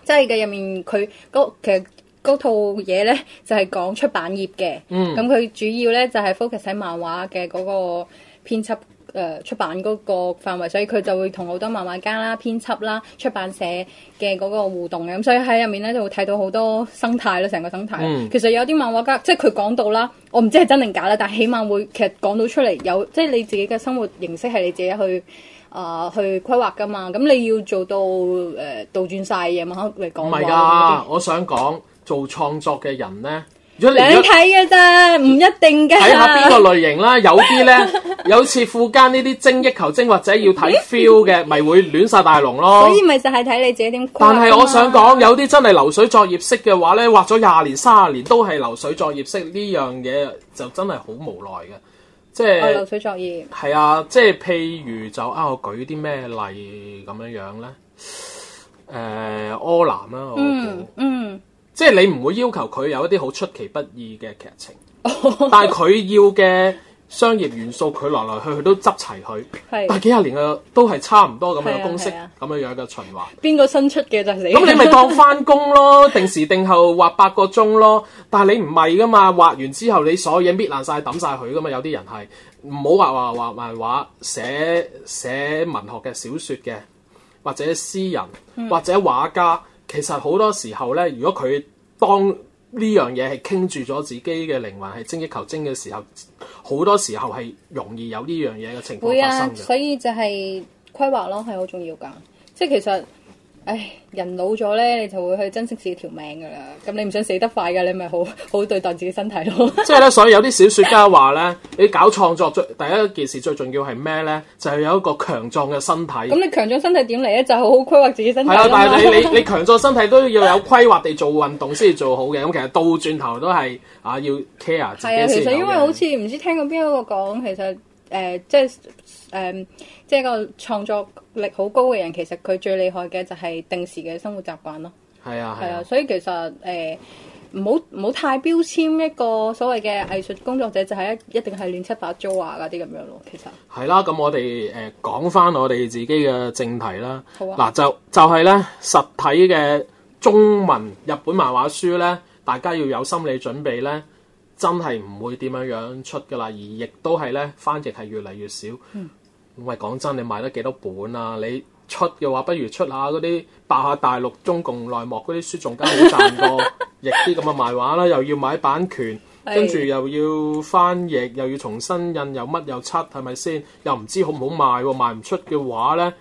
即係嘅入面，佢嗰其實嗰套嘢咧就係、是、講出版業嘅。咁佢、嗯、主要咧就係、是、focus 喺漫畫嘅嗰個編輯、呃、出版嗰個範圍，所以佢就會同好多漫畫家啦、編輯啦、出版社嘅嗰個互動嘅。咁所以喺入面咧就會睇到好多生態啦，成個生態。嗯、其實有啲漫畫家即係佢講到啦，我唔知係真定假啦，但係起碼會其實講到出嚟有，即係你自己嘅生活形式係你自己去。啊、呃，去規劃噶嘛？咁你要做到誒，倒轉晒嘢嘛？嚟講唔係噶。嗯、我想講做創作嘅人咧，如果你睇嘅啫，唔一定嘅。睇下邊個類型啦，有啲咧 *laughs* 有似富堅呢啲精益求精或者要睇 feel 嘅，咪 *laughs* 會亂晒大龍咯。所以咪就係睇你自己點。但係我想講，有啲真係流水作業式嘅話咧，畫咗廿年、卅年、卅年都係流水作業式呢樣嘢，就真係好無奈嘅。即係、哦、流水作業，係啊！即係譬如就啱我舉啲咩例咁樣樣咧，誒柯南啊，我記，呃、嗯，okay? 嗯，即係你唔會要求佢有一啲好出其不意嘅劇情， *laughs* 但係佢要嘅。商業元素佢來來去去都執齊佢，是但幾十年嘅都係差唔多咁樣嘅公式，咁、啊啊、樣樣嘅循環。邊個新出嘅就你？咁？ *laughs* 你咪當翻工咯，定時定候畫八個鐘咯。但係你唔係噶嘛，畫完之後你所有嘢搣爛晒，抌晒佢噶嘛。有啲人係唔好話話畫漫畫，畫，畫，畫、寫寫文學嘅小説嘅，或者詩人、嗯、或者畫家，其實好多時候咧，如果佢當。呢樣嘢係傾住咗自己嘅靈魂，係精益求精嘅時候，好多時候係容易有呢樣嘢嘅情況發生嘅。會啊，所以就係規劃咯，係好重要噶。即係其實。唉，人老咗咧，你就會去珍惜自己條命噶啦。咁你唔想死得快噶，你咪好好對待自己身體咯。即係咧，所以有啲小說家話咧，你搞創作最第一件事最重要係咩咧？就係、有一個強壯嘅身體。咁你強壯身體點嚟咧？就係、好好規劃自己身體。係啊，但係你你你強壯身體都要有規劃地做運動先至做好嘅。咁 *laughs* 其實倒轉頭都係啊，要 care 自己先。係啊，其實因為好似唔知聽過邊一個講，其實誒、呃，即係誒。呃呃即係個創作力好高嘅人，其實佢最厲害嘅就係定時嘅生活習慣咯。係啊，係啊，所以其實誒，唔好唔好太標籤一個所謂嘅藝術工作者，就係、是、一一定係亂七八糟啊嗰啲咁樣咯。其實係啦，咁、啊、我哋誒講翻我哋自己嘅正題啦。好啊，嗱就就係、是、咧實體嘅中文日本漫畫書咧，大家要有心理準備咧，真係唔會點樣樣出噶啦，而亦都係咧翻譯係越嚟越少。嗯。喂，講真，你賣得幾多本啊？你出嘅話，不如出下嗰啲爆下大陸中共內幕嗰啲書，仲加好賺過，易啲咁嘅賣畫啦，又要買版權，跟住是又要翻譯，又要重新印，又乜又七，係咪先？又唔知好唔好賣喎，啊，賣唔出嘅話咧，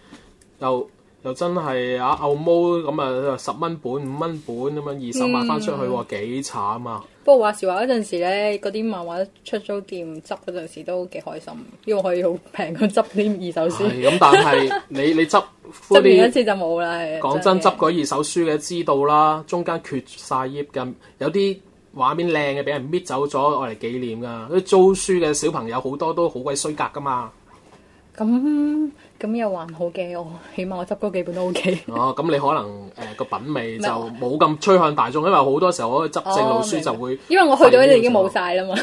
又～又真係啊，牛毛咁啊，十蚊本五蚊本咁樣二手賣返出去喎，幾、嗯、慘啊！不過話，話時話嗰陣時咧，嗰啲漫畫出租店執嗰陣時都幾開心，因為可以好平咁執啲二手書。咁但係你你執執完一次就冇啦。講真，執嗰的二手書嘅知道啦，中間缺晒頁嘅，有啲畫面靚嘅俾人搣走咗，攞嚟紀念㗎。啲租書嘅小朋友好多都好鬼衰格㗎嘛～咁咁又還好嘅我，起碼我執多幾本都 OK。哦，咁你可能誒個品味就冇咁趨向大眾，因為好多時候我去執正路書就會，因為我去到呢度已經冇曬啦嘛，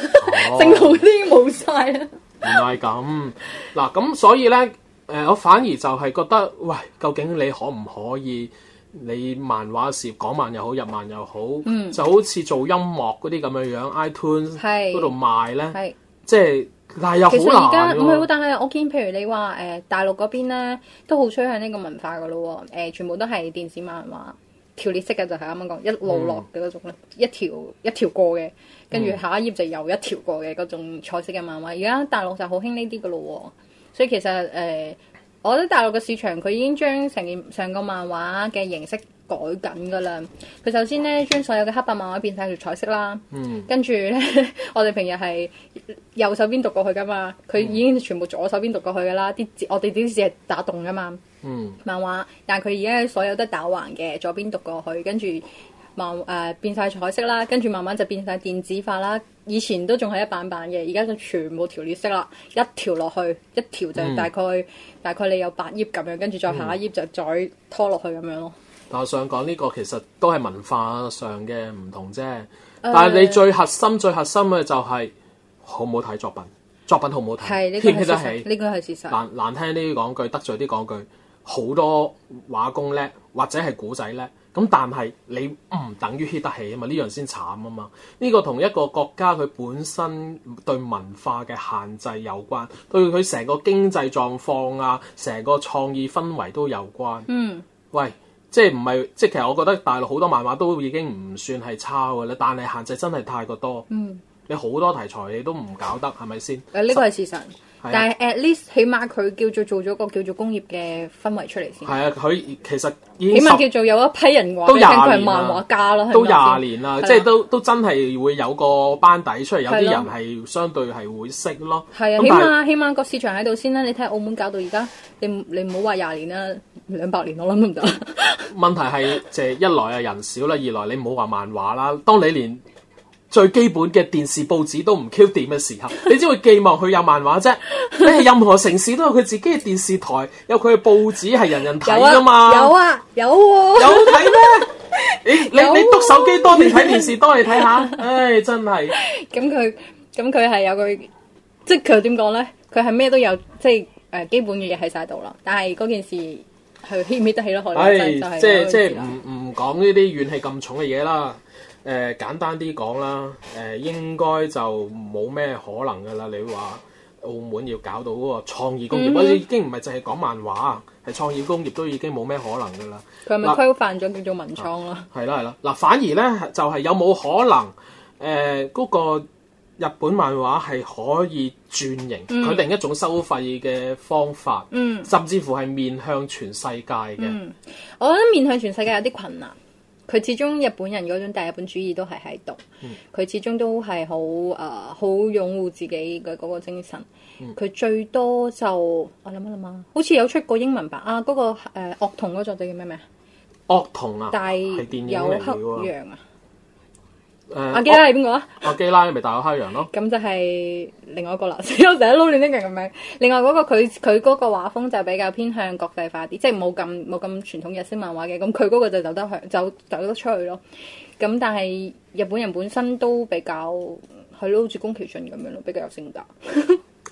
正路書已經冇曬啦。原來係咁，嗱咁所以咧，誒我反而就係覺得，喂，究竟你可唔可以你漫畫事業講漫又好入漫又好，就好似做音樂嗰啲咁嘅樣，iTunes 嗰度賣咧，即係。嗱又、啊、其實而家唔係，嗯、但係我見譬如你話誒、呃、大陸嗰邊咧，都好趨向呢個文化噶咯喎，全部都係電子漫畫，條列式嘅就係啱啱講一路落嘅嗰種咧、嗯，一條一條過嘅，跟住下一頁就又一條過嘅嗰種彩色嘅漫畫，而家大陸就好興呢啲噶咯喎，所以其實誒、呃，我覺得大陸嘅市場佢已經將成件成個漫畫嘅形式。改緊噶啦！佢首先咧，將所有嘅黑白漫畫變晒條彩色啦。嗯。跟住着咧， *laughs* 我哋平日係右手邊讀過去噶嘛，佢已經全部左手邊讀過去噶啦。啲字我哋啲字係打戙噶嘛。嗯。漫畫，但係佢而家所有都打橫嘅，左邊讀過去，跟住漫畫、呃、變晒彩色啦，跟住慢慢就變晒電子化啦。以前都仲係一版版嘅，而家就全部條列式啦，一條落去，一條就大概、嗯、大概你有八頁咁樣，跟住再下一頁就再拖落去咁樣咯。嗯嗯。但我想講呢個其實都係文化上嘅唔同啫。但係你最核心、呃、最核心嘅就係、是、好唔好睇作品，作品好唔好睇，hit、這個、得起？呢個係事實。難難聽啲講句，得罪啲講句，好多畫工叻或者係古仔叻咁，但係你唔等於 hit 得起啊嘛。呢樣先慘啊嘛。呢、這個同一個國家佢本身對文化嘅限制有關，對佢成個經濟狀況啊，成個創意氛圍都有關。嗯，喂。即係唔係，即係其實我覺得大陸好多漫畫都已經唔算係抄㗎啦，但係限制真係太過多。嗯，你好多題材你都唔搞得，係咪先？誒，呢個係事實。但係 at least 起碼佢叫做做咗個叫做工業嘅氛圍出嚟先。係啊，佢其實起碼叫做有一批人話已佢係漫畫家咯的，都廿年啦，即係都都真係會有個班底出嚟，的有啲人係相對係會識咯。係啊的但，起碼起碼個市場喺度先啦。你睇下澳門搞到而家，你你唔好話廿年啦，兩百年我諗都唔得。 *laughs* 問題係，即係一來啊人少啦，二來你唔好話漫畫啦，當你連。最基本嘅電視、報紙都唔 Q 點嘅時候，你只會寄望佢有漫畫啫。你係任何城市都有佢自己嘅電視台，有佢嘅報紙係人人睇噶嘛？有啊，有有喎。有睇咩？你你你篤手機多定睇電視多？你睇下，唉，真係。咁佢咁佢係有佢，即係佢點講咧？佢係咩都有，即係誒基本嘅嘢喺晒度啦。但係嗰件事佢起唔起得起咯？可能真係就係。即係即係唔唔講呢啲怨氣咁重嘅嘢啦。誒、呃、簡單啲講啦，誒、呃、應該就冇咩可能噶啦。你話澳門要搞到嗰個創意工業，嗯、已經唔係淨係講漫畫，係創意工業都已經冇咩可能噶啦。佢係咪規範咗、啊、叫做文創啦？係啦係啦，嗱、啊，反而咧就係、是、有冇可能誒嗰、呃，那個日本漫畫係可以轉型，佢另、嗯、一種收費嘅方法，嗯、甚至乎係面向全世界嘅、嗯。我覺得面向全世界有啲困難。佢始終日本人嗰種大日本主義都係喺度，佢始終都係好誒好擁護自己嘅嗰個精神。佢、嗯、最多就我諗一諗啊，好似有出過英文版啊，嗰個誒《惡童》嗰個作者叫咩咩？《惡童》啊，那個呃、啊大友克洋啊。阿、啊啊、基拉係邊個啊？阿基拉咪大友克洋咯，咁就係另外一個啦。我成日都撈亂啲名咁樣，另外嗰、那個佢佢嗰個畫風就比較偏向國際化啲，即係冇咁冇咁傳統日式漫畫嘅。咁佢嗰個就走得去，走走得出去咯。咁 *laughs* 但係日本人本身都比較係咯，好似宮崎駿咁樣咯，比較有性格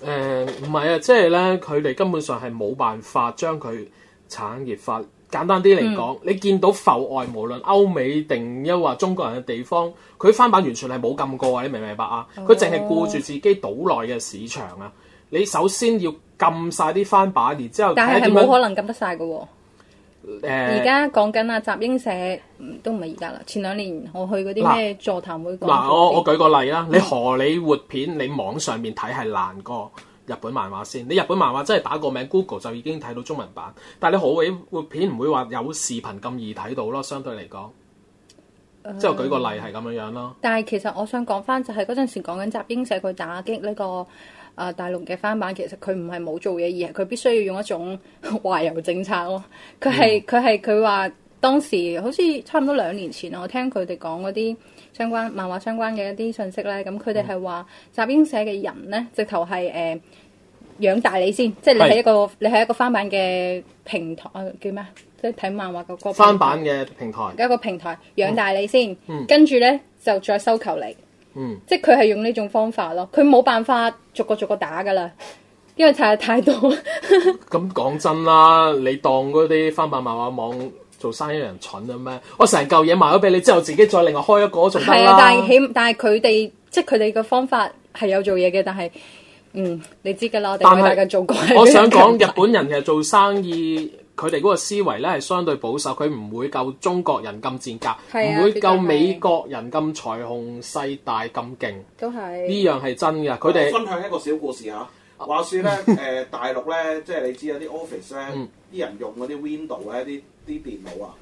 *laughs* 、呃。誒，唔係啊，即係咧，佢哋根本上係冇辦法將佢產業化。簡單啲嚟講，嗯、你見到浮外無論歐美定抑或中國人嘅地方，佢翻版完全係冇禁過啊！你明唔明白啊？佢淨係顧住自己島內嘅市場啊！你首先要禁晒啲翻版，然之後睇翻。但係係冇可能禁得晒㗎喎。而家、呃、講緊啊，集英社都唔係而家啦。前兩年我去嗰啲咩座談會講嗱、啊啊，我我舉個例啦。你荷里活片，嗯、你網上面睇係難過。日本漫畫先，你日本漫畫真係打個名 Google 就已經睇到中文版，但係你好外片唔會話有視頻咁易睇到咯，相對嚟講。即係舉個例係咁樣樣咯。但係其實我想講翻就係嗰陣時講緊集英社佢打擊呢、這個誒、呃、大陸嘅翻版，其實佢唔係冇做嘢，而係佢必須要用一種懷柔政策咯。佢係佢係佢話當時好似差唔多兩年前啊，我聽佢哋講嗰啲。相關漫畫相關嘅一啲信息咧，咁佢哋係話集英社嘅人咧，直頭係誒養大你先，即係你係一個是你係一個翻版嘅平台叫咩、啊？即係睇漫畫嘅個翻版嘅平台，一個平台養大你先，嗯、跟住咧就再收購你，嗯、即係佢係用呢種方法咯，佢冇辦法逐個逐個,逐個打噶啦，因為太太多。咁 *laughs* 講真啦，你當嗰啲翻版漫畫網。做生意人蠢啊咩？我成嚿嘢賣咗俾你之後，自己再另外開一個做得啊，但係起，但係佢哋即係佢哋嘅方法係有做嘢嘅，但係嗯，你知㗎啦。我哋大家做，但係是我想講日本人嘅做生意，佢哋嗰個思維咧係相對保守，佢唔會夠中國人咁賤格，唔的會夠美國人咁財雄勢大咁勁。都係是呢樣係真嘅。佢哋分享一個小故事嚇，話說咧誒、 *laughs* 呃，大陸咧即係你知有啲 office 咧、 *laughs* 嗯。啲人用嗰啲 Window 咧，啲啲電腦啊，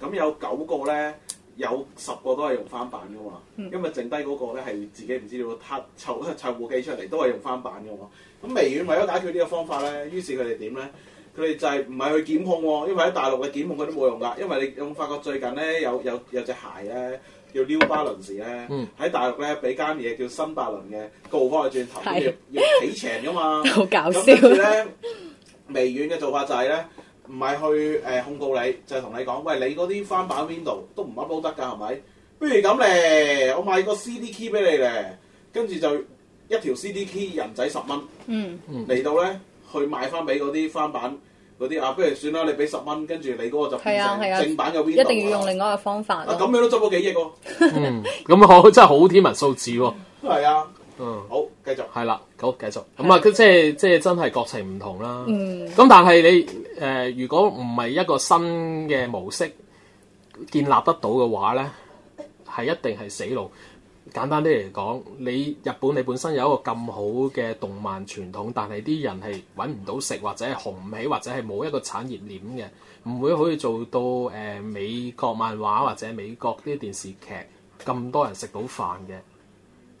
咁有九個咧，有十個都係用翻版噶嘛，因為剩低嗰個咧係自己唔知點攤湊攤互機出嚟，都係用翻版噶嘛。咁、嗯、微軟為咗解決呢個方法咧，於是佢哋點咧？佢哋就係唔係去檢控，因為喺大陸嘅檢控佢都冇用噶，因為你有冇發覺最近咧有有有隻鞋咧叫 New Balance 咧，喺、嗯、大陸咧俾間嘢叫新百倫嘅告翻佢轉頭，是要要起長噶嘛，好搞笑。 *laughs* 微軟嘅做法就係咧，唔係去誒、呃、控告你，就係、是、同你講喂，你嗰啲翻版 Window 都唔乜都得㗎，係咪？不如咁咧，我買個 CD Key 俾你咧，跟住就一條 CD Key 人仔十蚊，嚟、嗯、到咧去買翻俾嗰啲翻版嗰啲啊，不如算啦，你俾十蚊，跟住你嗰個就係正版嘅 Window 一定要用另外一個方法。啊，咁樣都執到幾億喎！咁啊， *laughs* 嗯、真係好天文數字喎！係啊。 *laughs* 嗯，好，好，繼續，係啦的，好，繼續，咁啊，即係即係真係國情唔同啦。咁、嗯、但係你誒、呃，如果唔係一個新嘅模式建立得到嘅話咧，係一定係死路。簡單啲嚟講，你日本你本身有一個咁好嘅動漫傳統，但係啲人係揾唔到食，或者係紅唔起，或者係冇一個產業鏈嘅，唔會可以做到誒、呃、美國漫畫或者美國啲電視劇咁多人食到飯嘅。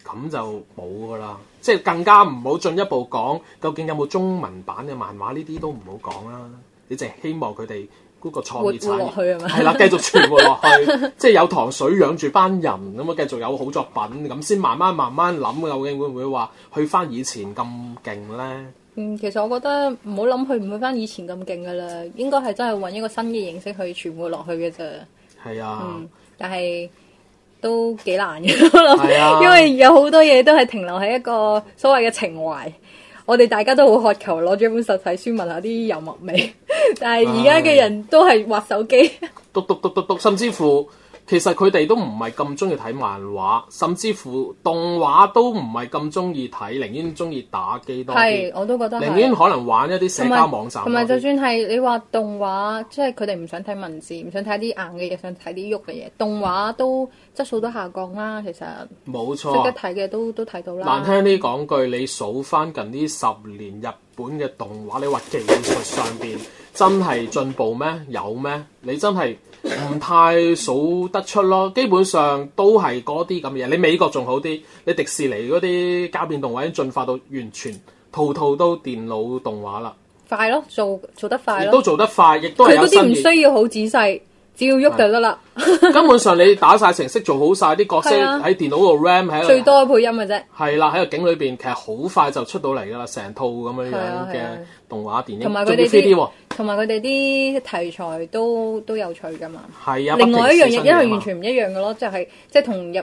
咁就冇噶啦，即係更加唔好進一步講，究竟有冇中文版嘅漫畫呢啲都唔好講啦。你淨係希望佢哋嗰個創意產業係啦，繼續存活落去， *laughs* 即係有糖水養住班人咁啊，繼續有好作品咁，先慢慢慢慢諗究竟會唔會話去翻以前咁勁咧？嗯，其實我覺得唔好諗佢唔會翻以前咁勁噶啦，應該係真係揾一個新嘅形式去存活落去嘅啫。係啊，嗯、但係。都幾難嘅，我諗是啊、因為有好多嘢都係停留喺一個所謂嘅情懷。我哋大家都好渴求攞住本實體書聞下啲油墨味，但係而家嘅人是、啊、都係滑手機，篤篤篤篤篤，甚至乎。其實佢哋都唔係咁中意睇漫畫，甚至乎動畫都唔係咁中意睇，寧願中意打機多啲。係，我都覺得寧願可能玩一啲社交網站。同埋，同埋就算係你話動畫，即係佢哋唔想睇文字，唔想睇啲硬嘅嘢，想睇啲喐嘅嘢。動畫都質素都下降啦，其實。冇錯。值得睇嘅都都睇到啦。難聽啲講句，你數翻近呢十年日本嘅動畫，你話技術上邊？真係進步咩？有咩？你真係唔太數得出咯。基本上都係嗰啲咁嘅嘢。你美國仲好啲，你迪士尼嗰啲膠片動畫已經進化到完全，套套都電腦動畫啦。快咯，做做得快。亦都做得快，亦都係有新意。嗰啲唔需要好仔細，照喐就得啦的。 *laughs* 根本上你打晒程式，做好晒啲角色喺的電腦度 RAM 喺度。最多配音嘅啫。係啦，喺個景裏邊，其實好快就出到嚟噶啦，成套咁樣樣嘅動畫電影，仲有啲 3D，同埋佢哋啲題材都都有趣噶嘛。係啊，另外一樣嘢，因為完全唔一樣噶咯，就係即係同入。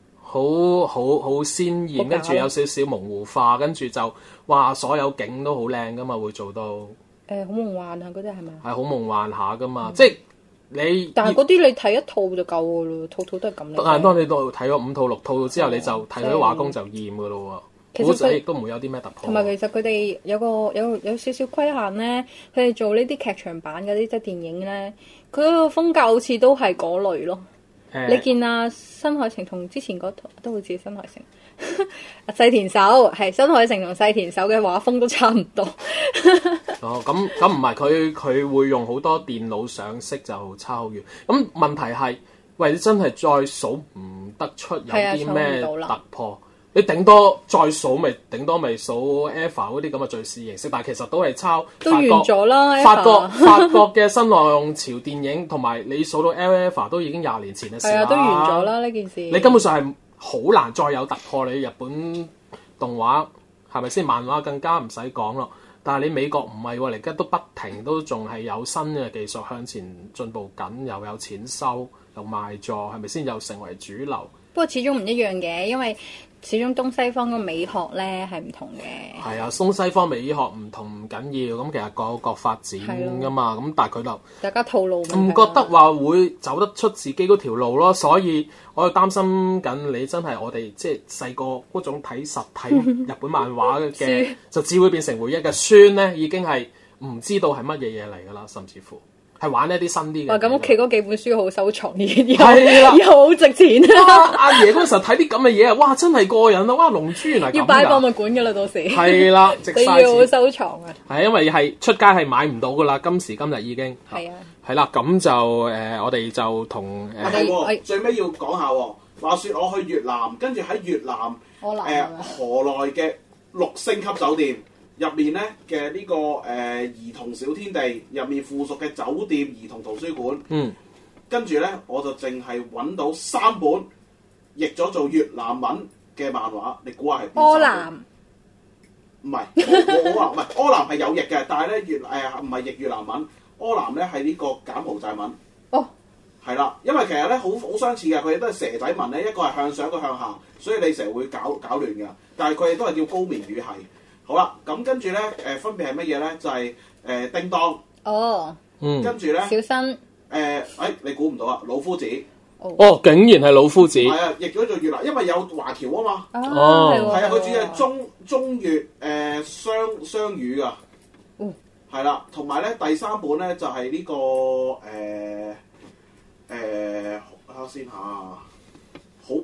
好好好鮮豔，Okay. 跟住有少少模糊化，跟住就哇所有景都好靚噶嘛，會做到誒好夢幻啊！嗰啲係咪？係好夢幻下噶嘛，嗯、即係你。但係嗰啲你睇一套就夠嘅咯，套套都係咁。但係當你到睇咗五套六套之後，嗯、你就睇佢畫工就厭嘅咯喎，嗯、好其實亦都唔會有啲咩突破。同埋其實佢哋有個有有少少規限咧，佢哋做呢啲劇場版嗰啲即係電影咧，佢嗰個風格好似都係嗰類咯。欸、你見啊，新海誠同之前嗰套都好似新海誠，阿 *laughs* 細田守係新海誠同細田守嘅畫風都差唔多。 *laughs* 哦，咁咁唔係佢佢會用好多電腦上色就差好遠。咁問題係，喂，你真係再數唔得出有啲咩、啊、突破。你頂多再數咪，頂多咪數 a f p 嗰啲咁嘅敘事形式，但係其實都係抄。都完咗啦，法國了法國嘅 *laughs* 新浪潮電影同埋你數到 a l p 都已經廿年前嘅事啦。係啊，都完咗啦呢件事。你根本上係好難再有突破。你日本動畫係咪先漫畫更加唔使講咯？但係你美國唔係喎，你而家都不停都仲係有新嘅技術向前進步緊，又有錢收又賣座，係咪先又成為主流？不過始終唔一樣嘅，因為始終東西方嘅美學咧，係唔同嘅。係啊，東西方美學唔同唔緊要，咁其實各有各發展噶嘛咁、啊、但係佢就大家套路唔，即係，覺得話會走得出自己嗰條路咯，所以我又擔心緊你真係我哋即係細個嗰種睇實體日本漫畫嘅， *laughs* 就只會變成回憶嘅孫咧，已經係唔知道係乜嘢嘢嚟噶啦，甚至乎。係玩一啲新啲嘅。咁屋企嗰幾本書好收藏，然後又好值錢。阿阿爺嗰陣時睇啲咁嘅嘢啊，哇！真係過癮啊！哇！龍珠原來咁㗎。要擺博物館㗎啦，到時。係啦，值曬錢，你要好收藏啊。係因為係出街係買唔到㗎啦，今時今日已經。係啊了。係啦，咁就誒、呃，我哋就同誒。係、呃、係。最尾要講下喎，話説我去越南，跟住喺越南誒、呃、河內嘅六星級酒店。入面咧嘅呢、這個誒、呃、兒童小天地入面附屬嘅酒店兒童圖書館，嗯，跟住咧我就淨係揾到三本譯咗做越南文嘅漫畫，你估下係邊三本？柯南，唔係我話唔係柯南係有譯嘅，但係咧越誒唔係譯越南文，柯南咧係呢個柬埔寨文。哦，係啦，因為其實咧好好相似嘅，佢哋都係蛇仔文咧，一個係向上，一個向下，所以你成日會搞搞亂嘅。但係佢哋都係叫高棉語系。好啦，咁跟住咧，誒、呃，分別係乜嘢咧？就係、是、誒、呃，叮當哦，嗯，跟住咧，小新、呃，誒，誒，你估唔到啊，老夫子哦，哦，竟然係老夫子，係啊，亦叫做越南，因為有華僑啊嘛，啊哦，係啊，佢主要係中中越誒、呃、雙雙語噶，嗯，係啦、哦，同埋咧第三本咧就係、是、呢、這個誒誒，睇下先吓。呃呃等等等等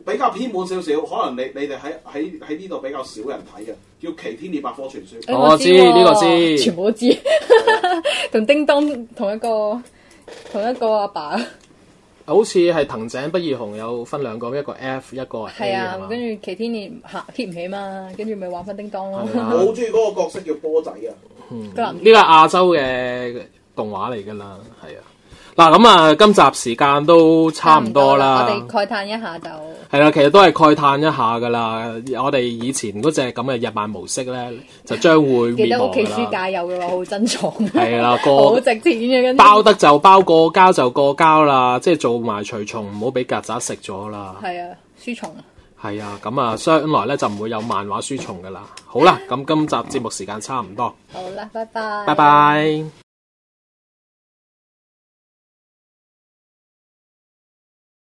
比較偏門少少，可能你你哋喺喺喺呢度比較少人睇嘅，叫《奇天烈百科全書》哎。我知呢、這個知，全部都知，同 *laughs* 叮噹同一個同一個阿爸、爸。好似係藤井不二雄有分兩個，一個 F 一個 A 啊，跟住吧《奇天烈》吓 keep 唔起嘛，跟住咪玩翻叮噹咯。我好中意嗰個角色叫波仔啊！呢、嗯，這個亞洲嘅動畫嚟噶啦，係啊。嗱咁啊，今集時間都差唔多啦，我哋慨嘆一下就係啦、啊，其實都係慨嘆一下噶啦。我哋以前嗰隻咁嘅日漫模式咧，就將會記得屋企書架有嘅話，好珍藏。係 *laughs* 啦、啊，個 *laughs* 好值錢嘅、啊，包得就包，過膠就過膠啦，即係做埋除蟲，唔好俾曱甴食咗啦。係啊，書蟲啊。係啊，咁啊，將來咧就唔會有漫畫書蟲噶啦。好啦、啊，咁今集節目時間差唔多。 *laughs* 好啦，拜拜。拜拜。